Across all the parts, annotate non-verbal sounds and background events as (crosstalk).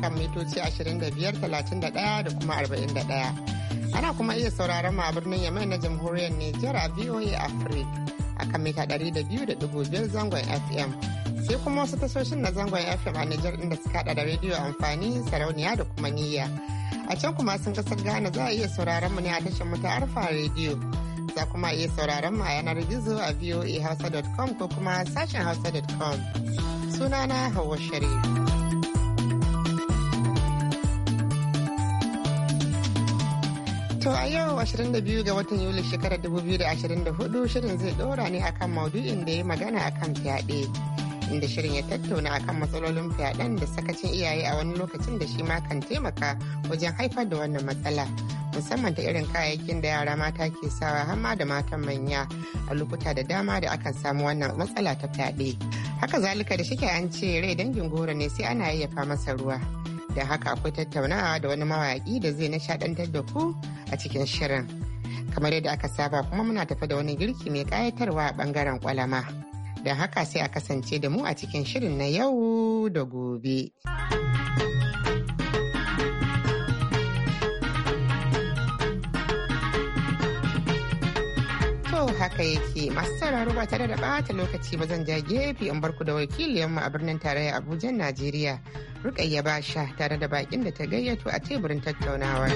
kan mitoci 25,31 da kuma 41. Ana kuma iya sauraron mu a birnin Yamai na jamhuriyar Nijar a VOA Africa a kan mita 200.5 zangon FM. Sai kuma wasu tasoshin na zangon FM a Nijar inda suka hada da rediyo amfani sarauniya da kuma niyya. A can kuma sun kasar Ghana za a iya sauraron mu ne a tashar mu ta Arfa rediyo. Za kuma iya sauraron mu a yanar gizo a voahausa.com ko kuma sashen hausa.com. Sunana Hauwa Sharif. To a yau 22 ga watan Yuli shekarar 2024 shirin zai dora ne akan maudu'in da ya magana akan fyaɗe. Inda shirin ya tattauna akan matsalolin fyaɗen da sakacin iyaye a wani lokacin da shi ma kan taimaka wajen haifar da wannan matsala. Musamman ta irin kayayyakin da yara mata ke sawa hamma da matan manya a lokuta da dama da akan samu wannan matsala ta fyaɗe. Haka zalika da shike an ce rai dangin goro ne sai ana yayyafa masa ruwa. da haka akwai tattaunawa da wani mawaƙi da zai nishaɗantar da ku a cikin shirin. Kamar yadda aka saba kuma muna tafi da wani girki mai ƙayatarwa a ɓangaren ƙwalama. Da haka sai a kasance da mu a cikin shirin na yau da gobe. haka yake masu sauraro ba tare da bata lokaci ba zan ja gefe in barku da yamma a birnin tarayya abuja najeriya Rukayya sha tare da bakin da ta gayyato a teburin tattaunawar.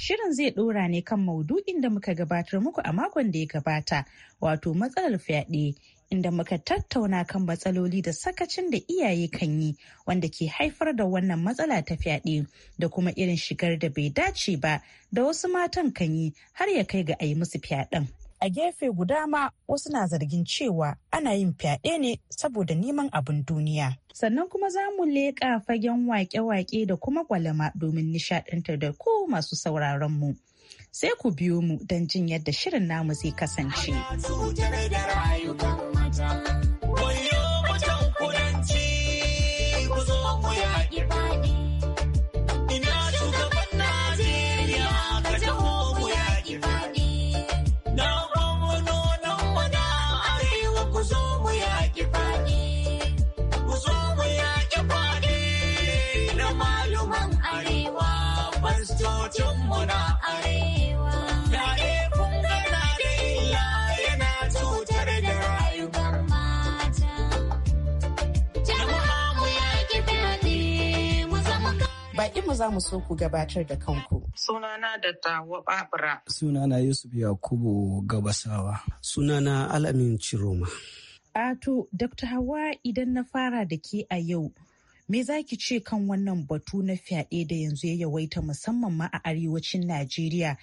Shirin zai ɗora ne kan maudu'in da muka gabatar muku a makon da ya gabata, wato matsalar fyaɗe, inda muka tattauna kan matsaloli da sakacin da iyaye kan yi wanda ke haifar da wannan matsala ta fyaɗe da kuma irin shigar da bai dace ba da wasu matan kan yi har ya kai ga a yi musu fyaɗen. a gefe guda ma wasu na zargin cewa ana yin fyaɗe ne saboda neman abin duniya sannan kuma za mu leƙa fagen waƙe-waƙe da kuma gwalama domin nishaɗantar da ko masu sauraron mu sai ku biyo mu don jin yadda shirin namu zai kasance. za mu so ku gabatar da kanku. Sunana da tawo babura. Sunana Yusuf Yakubu Gabasawa. Sunana Alamin Ciroma. Ato, Dr. Hawa idan na fara da ke a yau, me za ki ce kan wannan batu na fyaɗe da yanzu ya yawaita musamman ma a arewacin Najeriya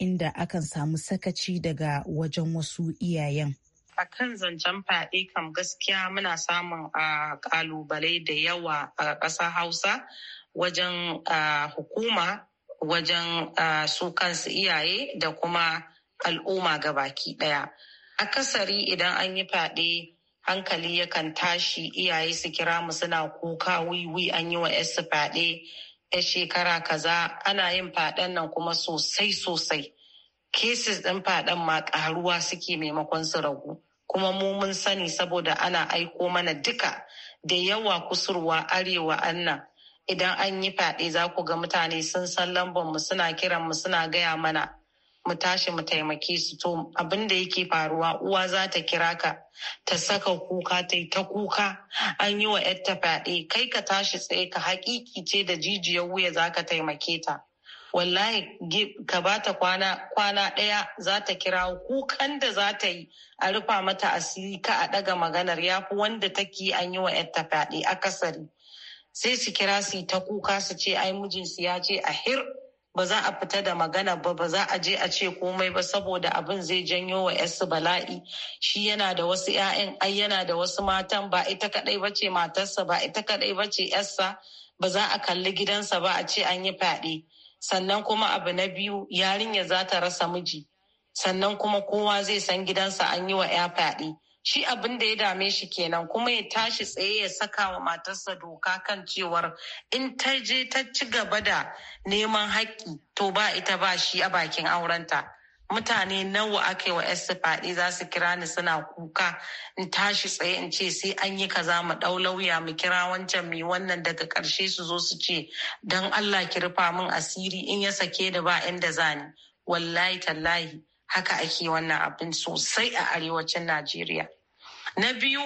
inda akan samu sakaci daga wajen wasu iyayen. a kan zancen fyaɗe kam gaskiya muna samun a ah, ƙalubale da yawa a ƙasar hausa wajen hukuma wajen su kansu iyaye da kuma al'umma ga baki ɗaya. Akasari idan an yi fyaɗe hankali yakan tashi iyaye su kira mu suna kuka wiwi an yi wa yasu fyaɗe ya shekara kaza ana yin fyaɗe nan kuma sosai sosai. Kesis ɗin fyaɗe ma ƙaruwa suke maimakon su ragu. Kuma mu mun sani saboda ana aiko mana duka da yawa kusurwa arewa annan idan an yi fyaɗe za ku ga mutane sun san lambar mu suna kiran mu suna gaya mana mu tashi mu taimake su to abin da yake faruwa uwa za ta kira ka ta saka kuka ta yi ta kuka an yi wa yarta fyaɗe kai ka tashi tsaye ka haƙiƙi ce da jijiyar wuya za ka taimake ta wallahi ka ba ta kwana ɗaya za ta kira kukan da za ta yi a rufa mata asiri ka a ɗaga maganar ya fi wanda take an yi wa yarta fyaɗe akasari sai su kira su ta kuka su ce ai mijinsu ya ce a hir ba za a fita da magana ba ba za a je a ce komai ba saboda abin zai janyo wa yasu bala'i shi yana da wasu 'ya'yan ai yana da wasu matan ba ita kadai ba ce matarsa ba ita kadai ba ce yarsa ba za a kalli gidansa ba a ce an yi fyaɗe sannan kuma abu na biyu yarinya za ta rasa miji sannan kuma kowa zai san gidansa an yi wa ya fyaɗe shi abin da ya dame shi kenan kuma ya tashi tsaye ya saka wa matarsa doka kan cewar in ta je ta ci gaba da neman haƙƙi to ba ita ba shi a bakin aurenta mutane nawa aka yi wa yarsu faɗi za su kira ni suna kuka in tashi tsaye in ce sai an yi kaza mu ɗau lauya mu kira wancan mai wannan daga ƙarshe su zo su ce don Allah ki rufa min asiri in ya sake da ba inda zani wallahi tallahi haka ake wannan abin sosai a arewacin najeriya na biyu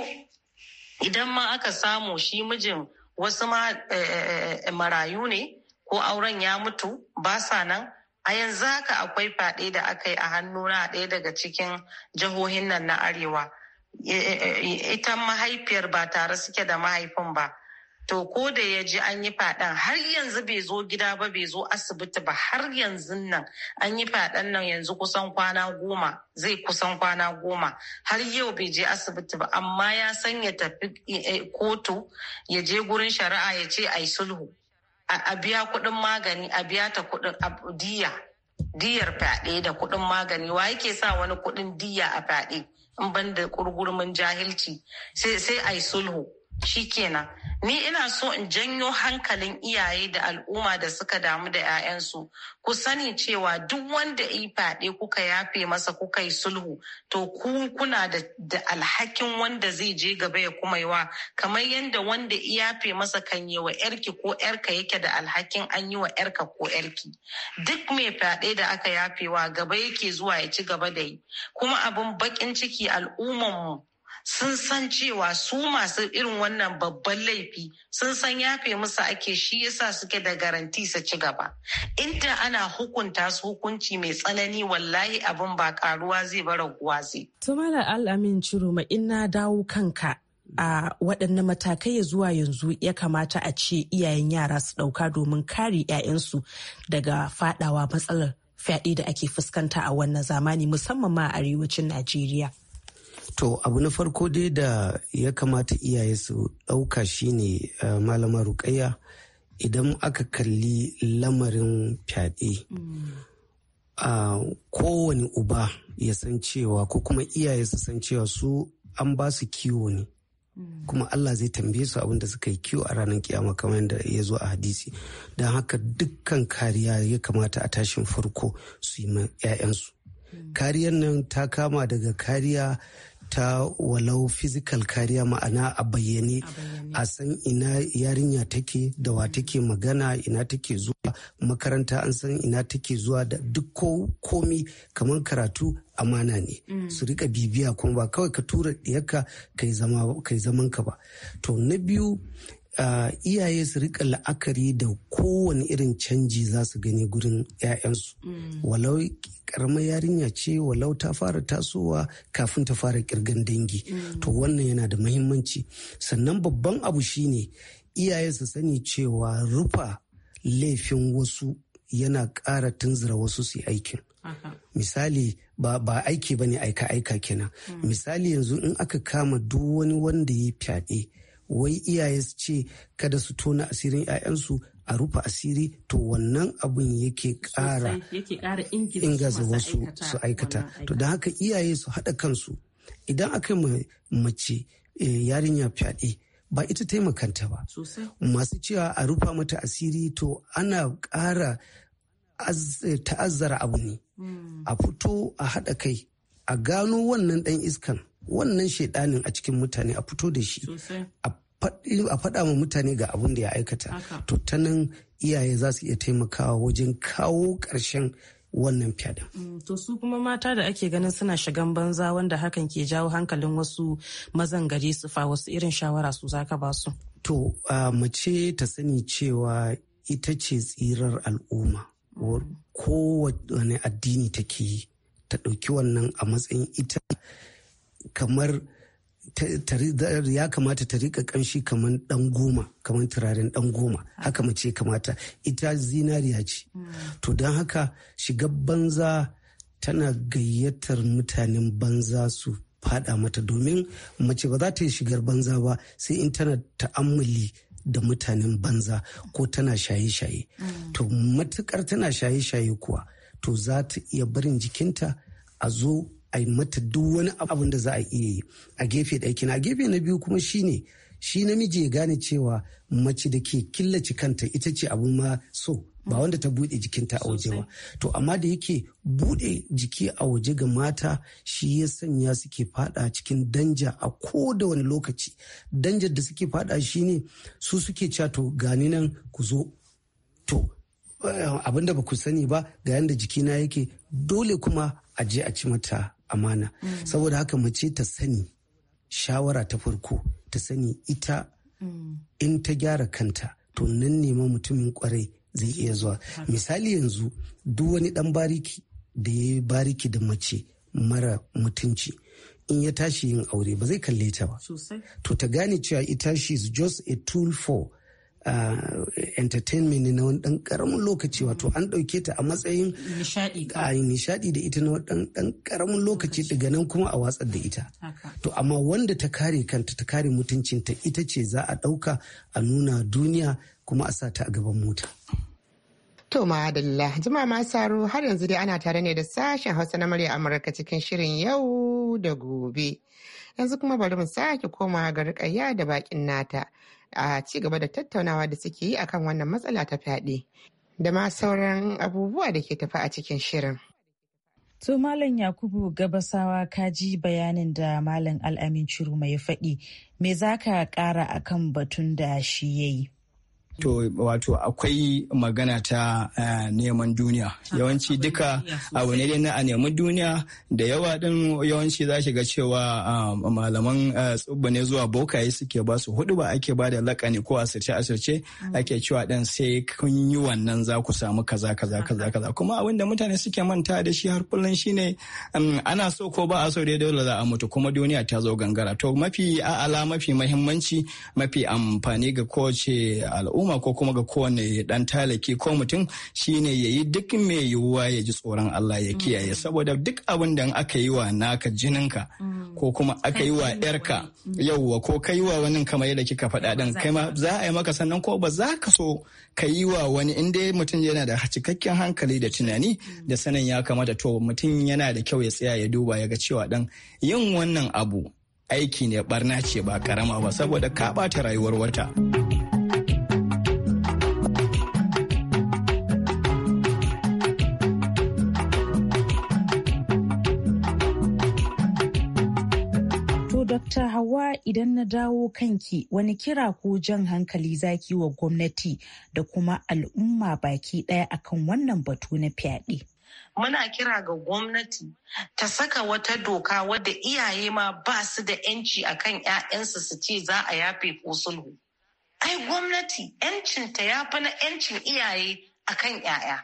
idan ma aka samu shi mijin wasu ma eh, eh, marayu ne ko auren ya mutu ba sa nan a yanzu haka akwai fyaɗe da aka yi a na ɗaya daga cikin jihohin nan na arewa eh, ita mahaifiyar ba tare suke da mahaifin ba to ko da ya ji an yi fadan har yanzu bai zo gida ba bai zo asibiti ba har yanzu nan an yi fadan nan yanzu kusan kwana goma zai kusan kwana goma har yau bai je asibiti ba amma ya san ya tafi eh, eh, kotu ya je gurin shari'a ya ce ai sulhu a biya kuɗin magani a biya ta kuɗin diya diyar fyaɗe da kuɗin magani wa yake sa wani kuɗin diya a fyaɗe in ban da kurgurmin jahilci sai ai sulhu Shi shikenan ni ina so in janyo hankalin iyaye da al'umma da suka damu da 'ya'yansu ku sani cewa duk wanda yi fyaɗe kuka yafe masa kuka yi sulhu to ku kuna da, alhakin wanda zai je gaba ya kuma yiwa kamar yadda wanda yafe masa kan yi wa yarki ko yarka yake da alhakin an yi wa yarka ko yarki duk mai fyaɗe da aka yafe wa gaba yake zuwa ya ci gaba da yi kuma abin baƙin ciki mu. sun san cewa su masu irin wannan babban laifi sun san yafe musu ake shi yasa suke da garanti su ci gaba inda ana hukunta su hukunci mai tsanani wallahi abin ba karuwa zai ba raguwa zai tumala al'amin ciroma in na dawo kanka a waɗannan matakai ya zuwa yanzu ya kamata a ce iyayen yara su ɗauka domin kare 'ya'yansu daga faɗawa matsalar fyaɗe da ake fuskanta a wannan zamani musamman ma a arewacin najeriya To abu na farko dai da ya kamata iyaye su ɗauka shine ne eh, malama ruƙayya idan aka kalli lamarin fyaɗe. a kowane uba ya san cewa ko kuma iyaye su san cewa su an ba su kiwo ne. kuma Allah zai tambaye su abin da suka yi kiwo a ranar kiyama kamar yadda ya zo a hadisi don haka dukkan kariya ya kamata a tashin farko su yi ma 'ya'yansu kariyar nan ta kama daga kariya ta walau physical kariya ma'ana a bayyane a san ina yarinya take da wa take magana ina take zuwa makaranta an san ina take zuwa da duk komi kamar karatu amana ne mm. su rika bibiya kuma ba kawai ka tura ɗiyarka kai zamanka ba to na biyu Uh, iyaye su rika la'akari da kowane irin canji za su gani gurin 'ya'yansu mm. walau karamar yarinya ce walau ta fara tasowa kafin ta fara kirgan dangi mm. to wannan yana da mahimmanci sannan babban abu shine iyaye su sani cewa rufa laifin wasu yana ƙara tunzura wasu su aikin misali ba, ba aiki ba ne aika-aika kenan mm. misali yanzu in aka kama duk wani wanda ya fyaɗe wai iyaye su ce kada su tona asirin 'ya'yansu a rufe asiri to wannan abin yake kara ingaza wasu su aikata to da haka iyaye su haɗa kansu idan aka yi mace eh, yarinya fyaɗe ba ita taimakanta ba masu cewa a rufa mata asiri to ana ƙara ta'azzara abu ne hmm. a fito a haɗa kai a gano wannan ɗan iskan wannan shaidanin a cikin mutane a fito da shi a faɗa ma mutane ga abin da ya aikata to ta nan iyaye za su iya taimakawa wajen kawo ƙarshen wannan fyada. Mm, to su kuma mata da ake ganin suna shigan banza wanda hakan ke jawo hankalin wasu mazan gari su fa wasu irin shawara su zaka ba su. To a mace ta sani cewa ita ce tsirar al'umma. Mm. Kowane addini take yi ta ɗauki wannan a matsayin ita kamar ya kamata ta rika kanshi kamar dan goma kamar turaren dan goma haka mace kamata ita zinariya ce mm. to don haka shiga banza tana gayyatar mutanen banza su fada mata domin mace ba za ta yi shigar banza ba sai in tana ta'ammali da mutanen banza ko tana shaye-shaye mm. to matukar tana shaye-shaye kuwa to za ta iya barin jikinta a zo a yi mata duk wani abin da za a iya yi a gefe da kina a gefe na biyu kuma shine shi namiji ya gane cewa mace da ke killace kanta ita ce abin ma so ba wanda ta buɗe jikinta a waje ba to amma da yake buɗe jiki a waje ga mata shi ya sanya suke fada cikin danja a ko da wani lokaci danjar da suke fada shine su suke cewa to gani nan ku zo to eh, abin ba ku sani ba ga yanda jikina yake dole kuma a je a ci mata amana mm. saboda haka mace ta sani shawara ta farko ta sani ita mm. in ta gyara kanta to nan nema mutumin kwarai zai iya zuwa misali yanzu duk wani dan bariki da ya yi bariki da mace mara mutunci in ya tashi yin aure ba zai kalle ta ba to ta gane cewa ita she is just a tool for entertainment ne na wani dan karamin lokaci wato an dauke ta a matsayin nishadi da ita na wani dan karamin lokaci daga nan kuma a watsar da ita to amma wanda ta kare kanta ta kare mutuncinta ita ce za a dauka a nuna duniya kuma a sa ta a gaban mota To madalla jima ma saro har yanzu dai ana tare ne da sashen hausa na murya amurka cikin shirin yau da gobe. yanzu kuma bari mu sake koma ga rikayya da bakin nata a ci gaba da tattaunawa da suke yi akan wannan matsala ta fyaɗe da ma sauran abubuwa da ke tafi a cikin shirin. To Malam Yakubu Gabasawa ka ji bayanin da Malam Al'amin ciro mai faɗi, me za ka ƙara akan batun da shi ya yi? To wato akwai magana ta eh, neman duniya. Ah, yawanci duka abu ne dai na a neman duniya da yawa din yawanci za ga cewa ah, malaman eh, tsubba ne zuwa bokaye suke ba su hudu ba ake ba da lakani ko asirce asirce ah. ake cewa dan sai kun yi wannan za ku samu kaza kaza kaza kaza kuma abin da mutane suke manta da shi har kullun shine mm, ana so ko ba a so dai dole za a mutu kuma duniya ta zo gangara to mafi a'ala mafi mahimmanci mafi amfani ga kowace al'umma al'umma ko kuma ga kowane dan talaki ko mutum shine ya yi duk mai yiwuwa ya ji tsoron Allah ya kiyaye mm. saboda duk abin da aka yi wa naka jininka mm. ko kuma aka yi wa yarka mm. yauwa ko kai wa wani kamar yadda kika faɗa din kai ma za a yi maka sannan ko ba za ka so ka yi wa wani inda mutum yana da cikakken hankali da tunani da sanin ya kamata to mutum yana da kyau ya tsaya ya duba ya ga cewa dan yin wannan abu aiki ne barna ce ba karama ba saboda ka ɓata rayuwar wata. Dokta Hawa idan na dawo kanki wani kira ko jan hankali zaki wa gwamnati da kuma al'umma baki ɗaya akan wannan batu na fyaɗe. muna kira ga gwamnati ta saka wata doka wadda iyaye ma ba su da yanci akan 'ya'yansu su ce za a yafe ko sulhu. Ai gwamnati yancinta ya fi na yancin iyaye akan 'ya'ya.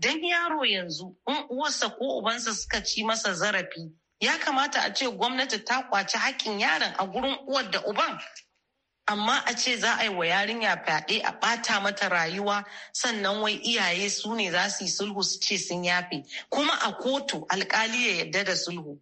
Don yaro yanzu in uwarsa ko ubansa suka ci masa zarafi ya kamata a ce gwamnati ta kwaci hakkin yaron a gurin uwar da uban amma a ce za a yi wa yarinya fyaɗe a ɓata mata rayuwa sannan wai iyaye su ne za su yi sulhu su ce sun yafe kuma a kotu alkali ya yadda da sulhu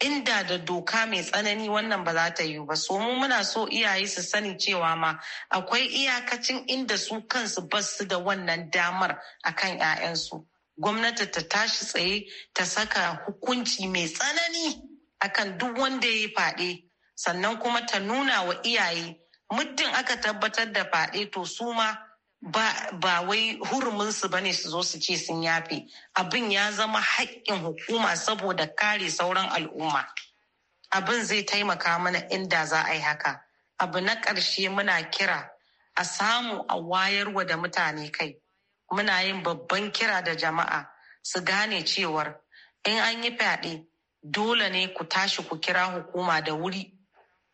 inda da doka mai tsanani wannan ba za ta yiwu ba so mu muna so iyaye su sani cewa ma akwai iyakacin inda su kansu basu da wannan damar akan 'ya'yansu gwamnati ta tashi tsaye ta saka hukunci mai tsanani akan duk wanda ya yi fyaɗe sannan kuma ta nuna wa iyaye muddin aka tabbatar da fyaɗe to su ma ba wai huruminsu ba ne su zo su ce sun yafe abin ya zama haƙƙin hukuma saboda kare sauran al'umma abin zai taimaka mana inda za a yi haka abu na ƙarshe muna kira a samu a wayarwa da mutane kai muna yin babban kira da jama'a su gane cewar in an yi fyaɗe dole ne ku tashi ku kira hukuma da wuri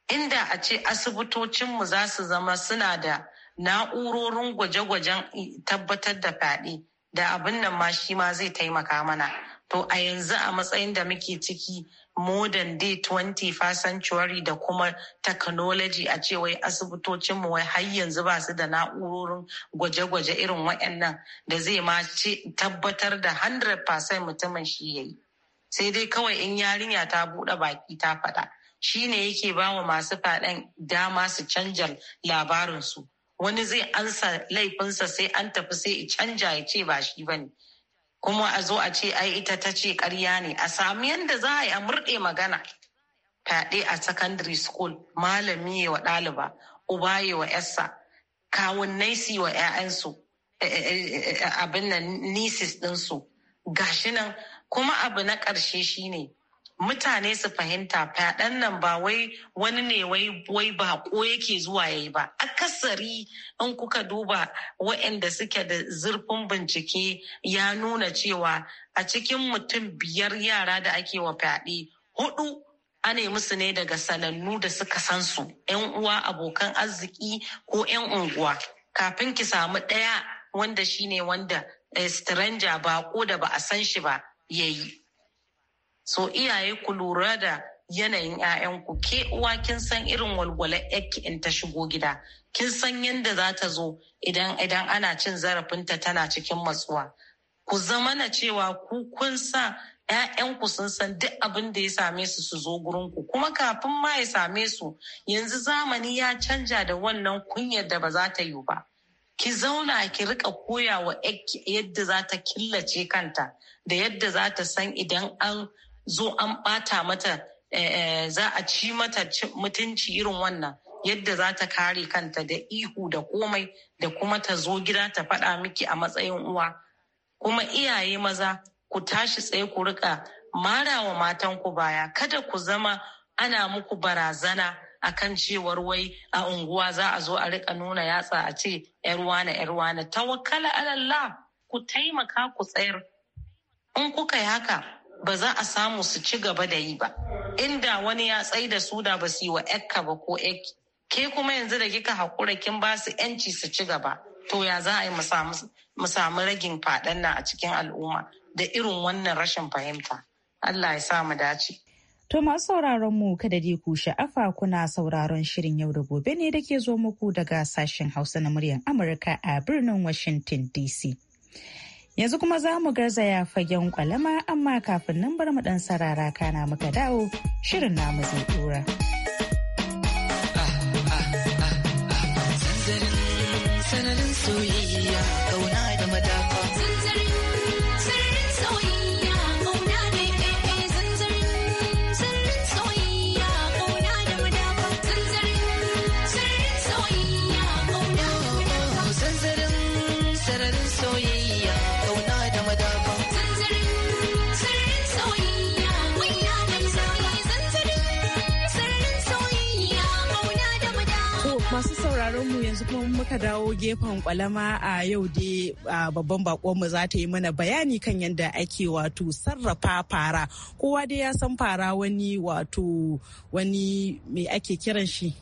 inda a ce asibitocinmu za su zama suna da na'urorin gwaje-gwajen tabbatar da fyaɗe da abin nan ma shi ma zai taimaka mana to a yanzu a matsayin da muke ciki modern day 20 st century da kuma technology a ce wai asibitocin mu wai har yanzu ba su da na'urorin gwaje-gwaje irin waɗannan da zai ma tabbatar da 100% mutumin shi ya yi. sai dai kawai in yarinya ta buɗe baki ta faɗa shi ne yake ba wa masu faɗan dama su canja su wani zai ansa laifinsa sai an tafi sai canja ya ce ba shi bane kuma a zo a ce ai ita ta ce karya ne a sami yadda za a yi a murɗe magana fyaɗe a secondary school malami ya wa ɗaliba uba ya wa yarsa kawunnai su wa 'ya'yansu eh, eh, eh, abin nan nisis ɗinsu gashi nan kuma abu na ƙarshe shine mutane su fahimta fyaɗen nan ba wai wani ne wai ba ko yake zuwa ya yi ba akasari in kuka duba waɗanda suke da zurfin bincike ya nuna cewa a cikin mutum biyar yara da ake wa fyaɗe hudu ana yi musu ne daga sanannu da suka san su 'yan uwa abokan arziki ko 'yan unguwa kafin ki samu ɗaya wanda shine wanda eh, stranger ba ko da ba a san shi ba yayi so iyaye ku lura da yanayin 'ya'yanku ke uwa kin san irin walwala yake in ta shigo gida kin san yadda za ta zo idan idan ana cin zarafinta tana cikin matsuwa ku zama na cewa ku kun sa 'ya'yanku sun san duk abin da ya same su su zo gurinku kuma kafin ma ya same su yanzu zamani ya canja da wannan kunyar da ba za ta yiwu ba ki zauna ki rika koya wa yadda za ta killace kanta da yadda za ta san idan an zo an ɓata mata eh, eh, za a ci mata mutunci irin wannan yadda za ta kare kanta da ihu da komai da kuma ta zo gida ta faɗa miki a matsayin uwa kuma iyaye maza ku tashi tsaye ku rika marawa matanku baya kada ku zama ana muku barazana a kan cewar wai a unguwa za a zo a rika nuna yatsa a ce yarwana yarwana tawakkala alallah ku taimaka ku tsayar in kuka yi haka ba za a samu su ci gaba da yi ba inda wani ya tsai da su da ba su yi wa ekka ba ko ek ke kuma yanzu da kika haƙura kin ba su yanci su ci gaba to ya za a yi mu samu ragin faɗan nan a cikin al'umma da irin wannan rashin fahimta Allah ya sa mu dace To masu sauraron mu kada dai ku sha'afa kuna sauraron shirin yau da gobe ne da ke zo muku daga sashen Hausa na muryar Amurka a birnin Washington DC. Yanzu kuma za mu garzaya fagen kwalama amma kafin nan bar mu dan sarara kana muka dawo shirin namu zai dora. sauraron mu yanzu kuma muka dawo gefen kwalama a yau dai babban bakonmu za ta yi mana bayani kan yadda ake wato sarrafa fara. Kowa dai ya san fara wani wato wani me ake kiran shi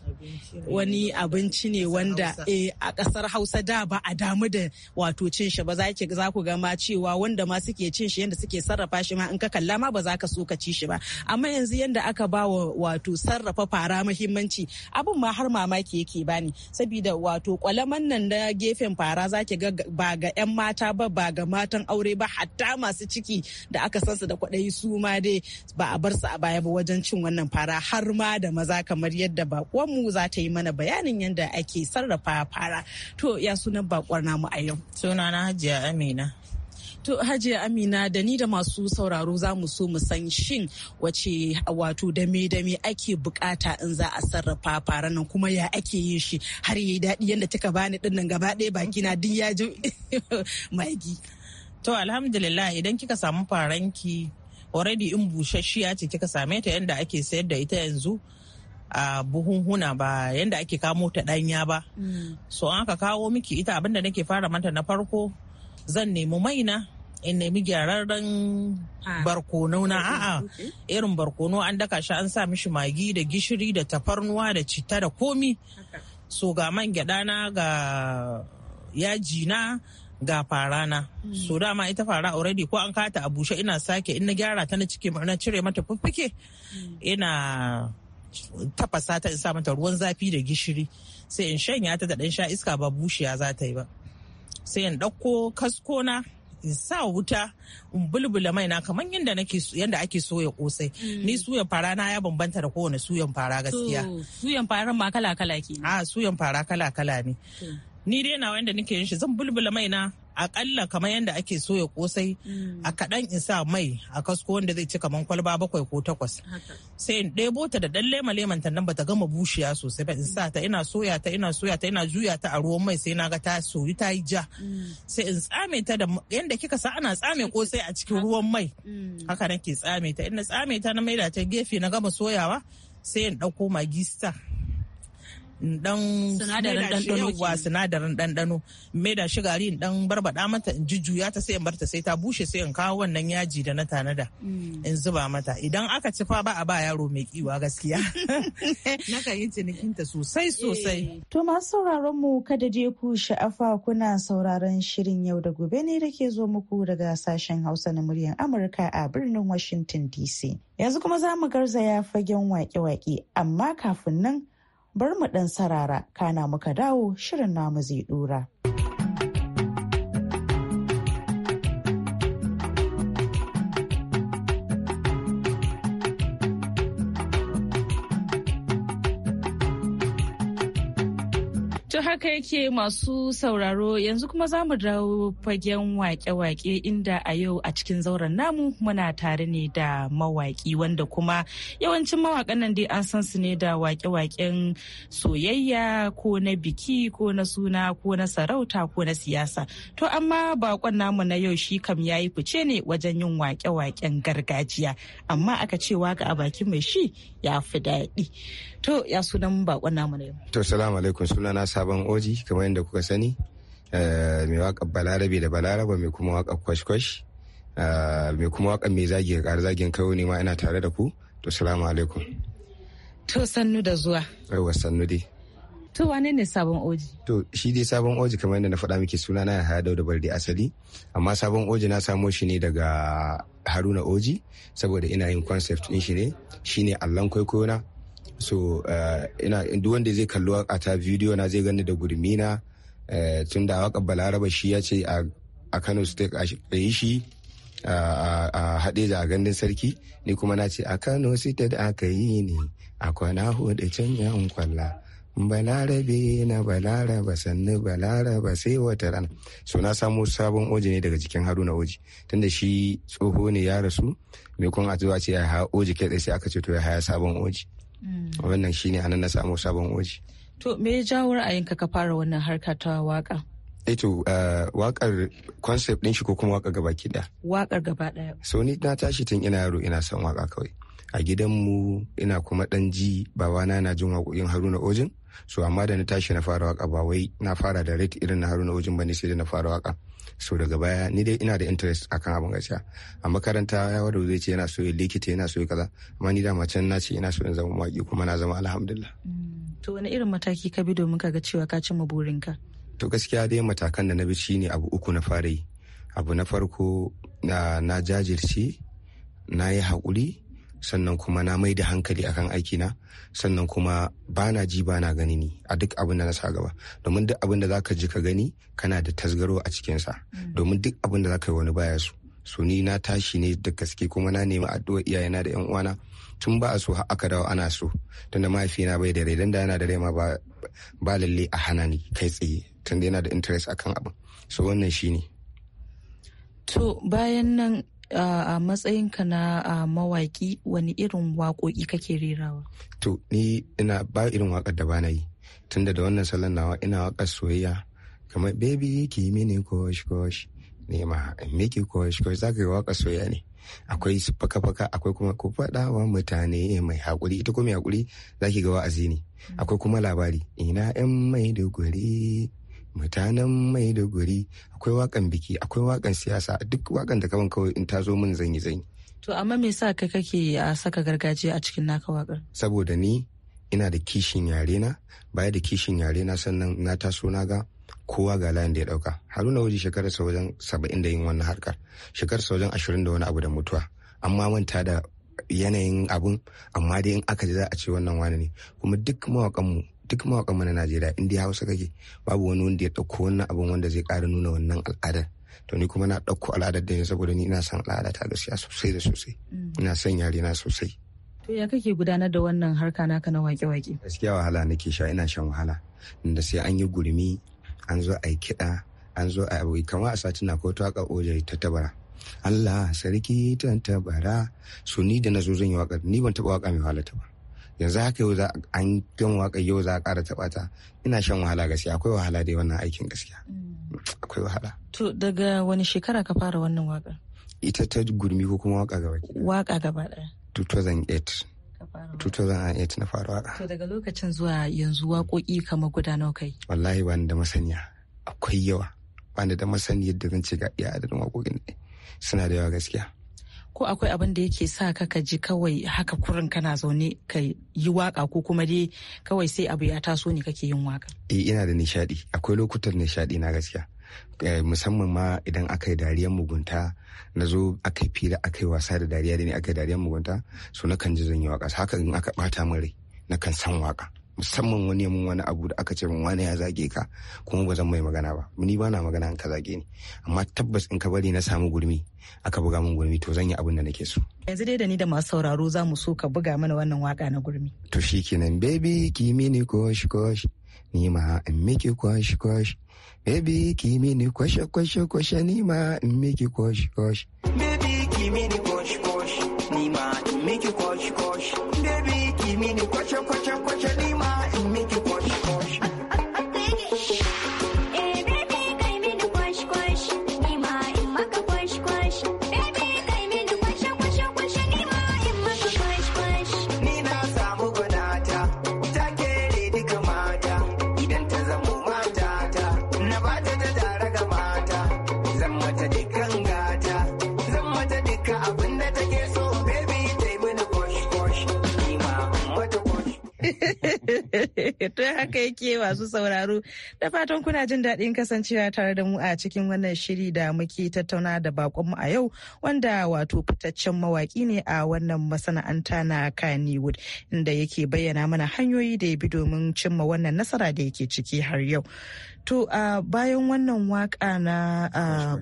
wani abinci ne wanda eh, a kasar Hausa da ba a damu da wato cin shi ba za za ku gama cewa wanda ma suke cin shi yadda suke sarrafa shi ma in ka kalla ma ba za ka so ka ci shi ba. Amma yanzu yadda aka ba wa wato sarrafa fara muhimmanci abin ma har mamaki yake bani saboda wato kwalaman nan na gefen fara zaki ga ba ga 'yan mata ba ba ga matan aure ba hatta masu ciki da aka san su da kwaɗayi su ma dai ba a bar su a baya ba wajen cin wannan fara har ma da maza kamar yadda mu za ta yi mana bayanin yadda ake sarrafa fara to ya sunan bakwar namu a yau sunana hajiya amina To Hajiya Amina da ni da masu sauraro za mu so mu san shin wace wato dame dame ake bukata in za a sarrafa fara nan kuma ya ake yin shi har yi daɗi yadda kika bani din nan gaba ɗaya baki na duk ya ji (laughs) magi. To alhamdulillah idan kika samu faranki already in busasshiya ce kika same ta yadda ake sayar da ita yanzu a buhunhuna ba yadda ake kamo ta ɗanya ba mm. so an ka kawo miki ita abinda nake fara mata na farko zan nemi maina in nemi gyararren ah. barkono na a'a irin barkono an daka shi an sa mishi magi da gishiri da tafarnuwa da citta da komi so ga man gyada na ga yaji na ga fara na hmm. so dama ita fara already ko an kata a bushe ina sake in na gyara ta na cike na cire mata fuffuke hmm. ina tafasa ta in sa mata ruwan zafi da gishiri sai in shanya ta da dan sha iska ba bushiya za ta yi ba sai in ɗauko kaskona. in sa wuta in bulbula mai na kamar yadda nake yadda ake soya kosai mm. ni suyan fara na ya bambanta da kowane suyan fara gaskiya ah, suyan fara ma kala kala ke a suyan fara kala kala ne ni dai na wanda nake yin shi zan bulbula mai na akalla kamar yadda ake soya kosai mm. a kaɗan in sa mai a kasko wanda zai ci kamar kwalba bakwai ko takwas sai in ɗebo ta da ɗan lema leman ta nan bata gama bushiya sosai ba in sa ta ina soya ta ina soya ta ina juya ta a ruwan mai sai na ga ta soyu ta yi ja mm. sai in tsame ta da yadda kika sa ana tsame kosai a cikin ruwan mai mm. haka nake tsame ta ina tsame ta na maida ta gefe na gama soyawa sai in ɗauko magista. dan sinadarin ɗanɗano sinadarin ɗanɗano me da shi gari in dan barbaɗa mata in jujjuya ta sai in barta sai ta bushe sai in kawo wannan yaji da na tanada mm. in zuba mata idan aka ci fa ba a ba yaro mai kiwa gaskiya (laughs) kan yi cinikinta sosai sosai eh. to masu sauraron mu kada je ku sha'afa kuna sauraron shirin yau da gobe ne da ke zo muku daga sashen hausa na muryar amurka a birnin washington dc yanzu kuma za mu ya fagen wake-wake amma kafin nan bar mu ɗan sarara kana muka dawo shirin namu zai ɗora. haka yake masu sauraro yanzu kuma za mu dawo fagen wake-wake inda a yau a cikin zauren namu muna tare ne da mawaki wanda kuma yawancin mawakan nan dai an san su ne da wake-waken soyayya ko na biki ko na suna ko na sarauta ko na siyasa. To amma bakon namu na yau shi kam ya yi fice ne wajen yin wake-waken gargajiya amma aka ce waka a bakin mai shi ya fi daɗi. To ya sunan bakon namu na yau. To salamu alaikum sunana sabon baban oji kamar yadda kuka sani eh, mai waka balarabe da balaraba mai kuma waka kwashkwash eh, mai kuma waka mai zagi ƙar zagin kawo ne ma ina tare da ku to salamu alaikum to sannu da zuwa aiwa sannu dai to wane ne sabon oji to shi dai sabon oji kamar yadda na faɗa miki suna na haya da balde asali amma sabon oji na samo shi ne daga haruna oji saboda ina yin concept din shi ne shine allon kwaikwayo na so eh, ina duk wanda zai kalli ta bidiyo na zai gani da gurmina eh, tun da waka balaraba shi ya ce a kano state a yi shi a haɗe da gandun sarki ni kuma na ce a kano state aka yi ne a kwana hudu can ya kwalla balarabe na balaraba sannu balaraba sai wata rana so na samu sabon oji ne daga jikin haruna oji tunda shi tsoho ne ya rasu mai kun a zuwa ce ya haya oji kai sai aka ce to ya haya sabon oji Mm. wannan shine anan na samu sabon oji to me ya jawo ra'ayinka ka fara wannan harka ta waka eto eh uh, eh, wakar concept din shi ko kuma wakar gaba kiɗa. Wakar gaba ɗaya. So ni na tashi tun ina yaro ina son waka kawai. A gidan mu ina kuma ɗan ji babana na jin waƙoƙin Haruna Ojin. So amma da na tashi na fara waka ba wai na fara da rate irin na Haruna Ojin ba ne sai da na fara waka. so daga baya ni dai ina da interest akan abin gaskiya a makaranta ya wada zai ce yana so likita yana so kaza amma ni da macen na ce ina so in zama mawaki kuma na zama alhamdulillah to wani irin mataki ka bi domin ka ga cewa ka cimma burinka to gaskiya dai matakan da na bi shine abu uku na fara yi abu na farko na jajirce na yi haƙuri sannan kuma na mai da hankali akan aikina sannan kuma ba na ji ba na gani ni a duk abin da na sa gaba domin duk abin da za ka ji ka gani kana da tasgaro a cikinsa mm. domin duk abin da za ka yi wani baya su su ni na tashi ne da gaske kuma na nemi addu'a iyayena da yan uwana tun ba a so har aka dawo ana so tunda mahaifina bai da rai dan da yana da rai ma ba ba lalle a hana ni kai tsaye tunda yana da interest akan abin so wannan shine to bayan nan a matsayinka na mawaki wani irin waƙoƙi kake rerawa? To, ni ina ba irin waƙar da bana yi. Tunda da wannan salon nawa ina waƙar soyayya kamar baby ki mini kosh kosh ne ma miki kosh kosh za ka yi waƙar soyayya ne. Akwai su faka faka akwai kuma ku faɗa wa mutane mai haƙuri ita kuma mai haƙuri za ki ga wa'azi ne. Akwai kuma labari ina 'yan mai dogori mutanen mai da maiduguri akwai wakan biki akwai wakan siyasa duk wakan da kaban kawai in ta zo min zanyi zanyi to amma me yasa kai kake a saka gargajiya a cikin naka wakar saboda ni ina da kishin yare na baya da kishin yare na sannan na taso na ga kowa ga layin da ya dauka haruna waje shekarar wajen saba'in da yin wannan harkar shekarar wajen ashirin da wani abu da mutuwa amma manta da yanayin abun amma dai in aka ji za a ce wannan wani ne kuma duk mawakanmu duk mawakan mana najeriya in dai hausa kake babu wani wanda ya ɗauko wannan abin wanda zai ƙara nuna wannan al'adar to ni kuma na ɗauko al'adar da ne saboda ni ina son al'ada ta gaskiya sosai da sosai mm. ina son yare na sosai to ya kake gudanar da wannan harka naka na wake-wake gaskiya wahala nake sha ina shan wahala inda sai an yi gurmi an zo a yi kiɗa an zo a yi kamar a satina ko ta oje ta tabara Allah sarki tantabara su ni da na zo zan yi waƙar ni ban taɓa waka mai wahala ta ba yanzu haka yau za an gan waka yau za a ƙara taɓa ta ina shan wahala gaskiya akwai wahala dai wannan aikin gaskiya mm. akwai wahala to daga wani shekara ka fara wannan waka ita ta gurmi ko kuma waka gaba waka gaba ɗaya 2008 2008 na fara waka to daga lokacin zuwa yanzu waƙoƙi kamar guda nawa kai wallahi ba da masaniya akwai yawa ba da masaniya yadda zan ce ga iya adadin waƙoƙin suna da yawa gaskiya ko akwai abin da yake sa ka ka ji kawai haka kurin kana zaune ka yi waka ko kuma dai kawai sai abu ya taso ne kake yin waka eh ina da nishadi akwai lokutan nishadi na gaskiya eh, musamman ma idan aka yi dariyar mugunta na zo aka yi fira aka yi wasa da dariya da ne aka yi dariyar mugunta so na kan ji zan yi waka haka in aka bata min rai na kan san waka musamman wani mun wani abu da aka ce min wani ya zage ka kuma ba zan mai magana ba ni ba na magana in ka zage ni amma tabbas in ka bari na samu gurmi aka buga min gurmi to zan yi abin da nake so yanzu dai da ni da masu sauraro za mu so ka buga mana wannan waka na gurmi to shikenan baby ki mini kosh kosh ni ma in miki kosh kosh baby ki mini kosh kosh kosh ni ma in miki kosh kosh baby ki mini kosh kosh ni ma in miki kosh kosh baby ki mini kosh kosh (laughs) to haka yake masu sauraro da fatan kuna jin daɗin kasancewa tare da mu a cikin wannan shiri da muke tattauna da bakonmu a yau wanda wato fitaccen mawaki ne a wannan masana'anta na Kannywood inda yake bayyana mana hanyoyi da ya bi domin cimma wannan nasara da yake ciki har yau. To uh, bayan wannan waka na uh,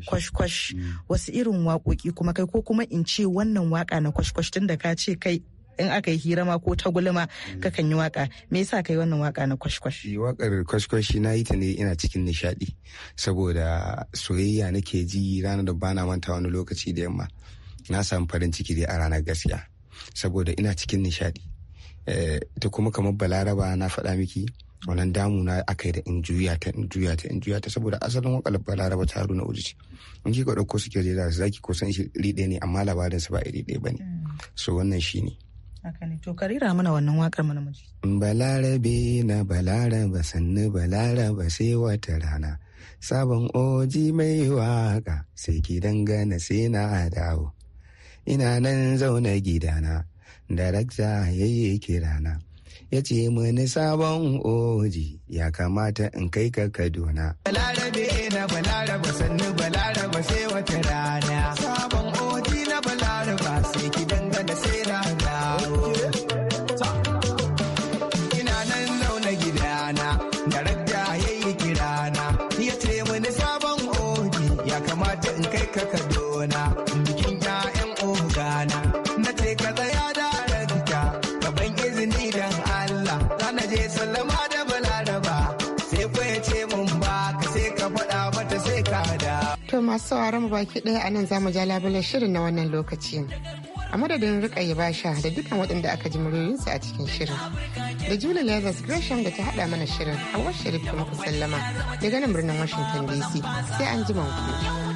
wasu irin waƙoƙi kuma kai ko kuma in ce wannan waka na kwash-kwash tun da ka ce kai in aka yi hira ma ko ta mm. kakan yi waka me yasa kai wannan waka na kwashkwash wakar kwashkwash na yi ta ne ina cikin nishadi saboda soyayya nake ji ranar da bana manta wani lokaci da yamma na samu farin ciki dai a ranar gaskiya saboda ina cikin nishadi eh, ta kuma kamar balaraba na faɗa miki wannan damuna aka yi da in juya ta in juya ta in juya ta saboda asalin wakar balaraba ta haruna ujici in ki ka ɗauko suke zaki ko san shi iri ɗaya ne amma labarinsa ba iri ɗaya ba ne mm. so wannan shi ne to karira mana wannan wakar mana balarabe na balaraba sannu balaraba sai wata rana sabon oji mai waka sai ki dangana sai na dawo ina nan zauna gidana darakta yayi kirana ya ce mini sabon oji ya kamata in kai ka kaduna balarabe na balaraba sannu balaraba sai wata rana sabon oji na balaraba sai ki dangana ka kadona bikin 'ya'yan ogana na ce ka tsaya da rarrika ban izini don allah na je sallama da balaraba sai ko ya ce mun ba ka sai ka faɗa mata sai ka da. to masu sauraron baki ɗaya a nan zamu ja labulen shirin na wannan lokacin. a madadin rikaye basha da dukkan waɗanda aka ji muryoyinsu a cikin shirin da julie lazarus gresham da ta haɗa mana shirin a washe rikki sallama daga nan birnin washington dc sai an ji ku.